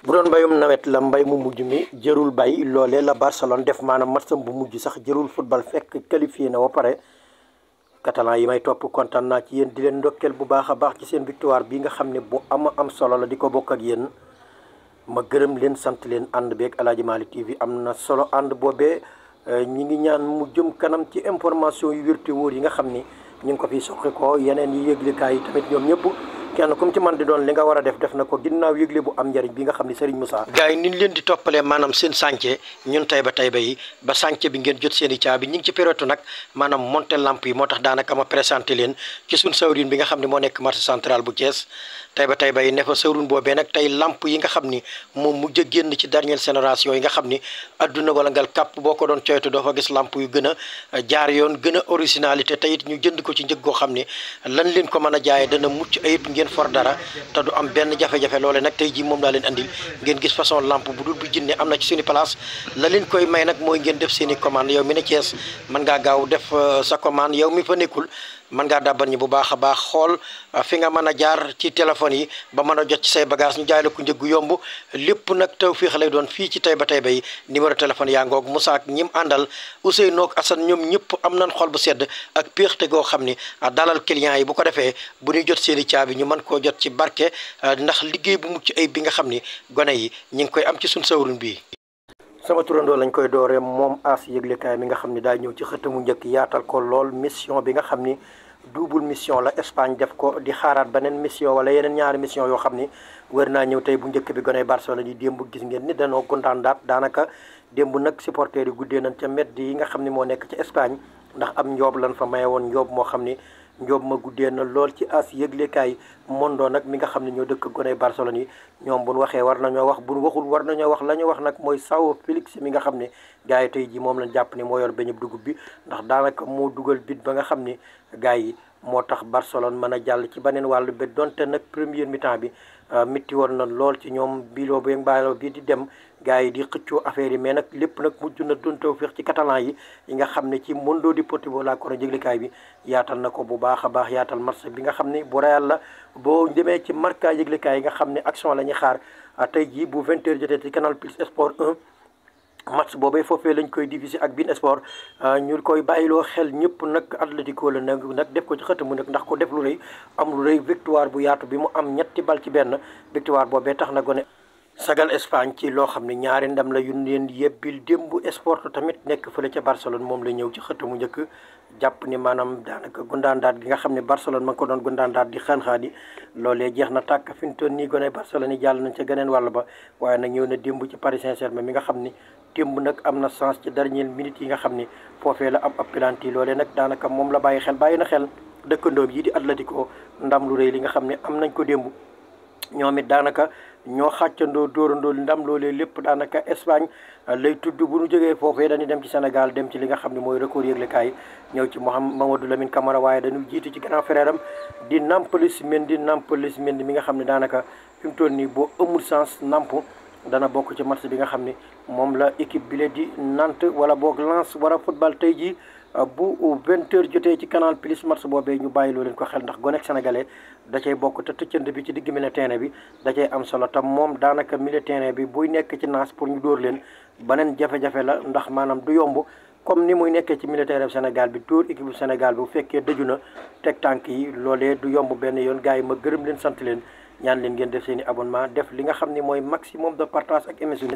bu doon mbayum nawet la mbay mu mujj mi jërul bay loole la Barcelone def maanaam matcham bu mujj sax jërul football fekk qualifié na ba pare catalan yi may topp kontaan naa ci yéen di leen ndokkeel bu baax a baax ci seen victoire bi nga xam ne boo ama am solo la di ko bokk ak yéen ma gërëm leen sant leen ànd beeg Aladji Malick TV am na solo ànd boobee ñi ngi ñaan mu jëm kanam ci information yu wérte wóor yi nga xam ni ñu ngi ko fiy soqi ko yeneen yi yëglikaay yi tamit ñëpp kenn ku mu ci man di doon li nga war a def def na ko ginnaaw yëgle bu am njariñ bi nga xam ne Serigne Moussa gars yi niñ leen di toppalee maanaam seen sànce ñun Taïba Taïba yi ba sànce bi ngeen jot seen i caabi ñi ngi ci période nag maanaam monté lamp yi moo tax daanaka ma présenté leen ci suñ sawrin bi nga xam ne moo nekk marché central bu Thiès Taïba Taïba yi ne fa sawrin boobee nag tey lamp yi nga xam ni moom mujj a génn ci dernière génération yi nga xam ni adduna wala ngal kàpp boo ko doon coytu doo fa gis lamp yu gën a jaar yoon gën a originalité tey it ñu jënd ko ci njëg goo xam ni lan leen ko mën a jaaye dana mucc ayib ngeen for dara te du am benn jafe-jafe loole nag tey jii moom laa leen andil ngeen gis façon lampe bu dul jinne am na ci suñu place la leen koy may nag mooy ngeen def seen i commande mi ne Thiès mën ngaa gaaw def euh, sa commande yow mi fa nekkul mën ngaa dàbban ñi bu baax a baax xool euh, fi nga mën a jaar ci téléphone yi ba mën a jot ci say bagage ñu ko njëggu yomb lépp nag taw fii lay doon fii ci Taïba Taïba yi numéro téléphone yaa ngoog Moussa ñim àndal Ousseynou ak Assane ñoom ñëpp am nañ xol bu sedd ak péexte xam ni ah, man koo jot ci barke euh, ndax liggéey bu mucc ay bi nga xam ni gone yi ñu ngi koy am ci suñ sawrun bii sama turandoo lañ koy dooree moom as yëglekaay mi nga xam ni daa ñëw ci xëtamu njëkk yaatal ko lool mission bi nga xam ni double mission la Espagne def ko di xaaraat beneen mission wala yeneen ñaari mission yoo xam ni wër naa ñëw tey bu njëkk bi gone Barcelone yi démb gis ngeen ni danoo kontaan daat daanaka démb nag supporters yi guddee nañ ca mbedd yi nga xam ni moo nekk ca Espagne ndax am njoob lan fa maye woon njoob moo xam ne njoob ma guddee na lool ci as yëglekaay mondoo nag mi nga xam ne ñoo dëkk gone Barcelone yi ñoom buñ waxee war na ñoo wax buñ waxul war nañoo wax la ñu wax nag mooy Sao Félix mi nga xam ne gars yi tey ji moom lañ jàpp ne moo yor beñub dugub bi ndax daanaka moo dugal bit ba nga xam ni gars yi moo tax Barcelone mën a jàll ci beneen wàllu ba donte nag première mi-temps bi euh, mitti woon na lool ci ñoom biloo bi mbaaloo bi di dem gaa yi di xëccoo affaire yi mais nag lépp nag mujj na doon tawfeex ci catalan yi yi nga xam ne ci Mundo Deportivo la Corona jéglikaay bi yaatal na ko bu baax a baax yaatal marché bi nga xam ne bu Real la boo demee ci Marca yëglikaay yi nga xam ne action la ñuy xaar euh, tey jii bu 20h jotee ci Canal Plus Sport match boobee foofee lañ koy divisé ak bin sport euh, ñu koy bàyyiloo xel ñëpp nag Atlético la nag nag def ko ci xëtt mu nag ndax ko def lu rëy am lu rëy victoire bu yaatu bi mu am ñetti bal ci benn victoire boobee tax na gone sagal Espagne ci loo xam ne ñaari ndam la yu leen yebbil démb sport tamit nekk fële ca Barcelone moom la ñëw ci xëtamu njëkk jàpp ni maanaam daanaka gundaandaat gi nga xam ne Barcelone ma ko doon gundaandaat di xaanxaani loolee jeex na tàkk fi mu toll nii gone Barcelone yi nañ ca geneen wàll ba na démb ci Paris Saint-Germain mi nga xam ni démb nag am na chance ci dernière minute yi nga xam ni foofee la am ab penalty loolee nag daanaka moom la bàyyi xel bàyyi na xel dëkkandoom yi di Atlético ndam lu rëy li nga xam ne am nañ ko démb ñoom daanaka ñoo xàccandoo dóorandoo ndam loolee lépp daanaka Espagne uh, lay tudd bu ñu jógee foofee dañuy dem ci Sénégal dem ci li nga xam ne mooy record yëglekaay ñëw ci Mamadou Lamine Camara waaye dañu jiitu ci grand frère am di Nampalys Mendy Nampalys Mendy mi nga xam ne daanaka fi mu toll nii boo amul sens namp dana bokk ci match bi nga xam ni moom la équipe bi la di nant wala boog Lens war a football tey jii. bu 20h jotee ci canal plus match boobee ñu bàyyi loo leen ko xel ndax gonek sénégalais da cay bokk te tëccante bi ci digg milieu terrain bi da cay am solo tam moom daanaka milieu terrain bi buy nekk ci naas pour ñu dóor leen beneen jafe-jafe la ndax maanaam du yomb. comme ni muy nekkee ci militaire bu Sénégal bi tour équipe bu Sénégal bi bu fekkee dëju na teg tànk yi loolee du yomb benn yoon gars yi ma gërëm leen sant leen ñaan leen ngeen def seen i abonnement def li xam ne mooy maximum de partage ak émission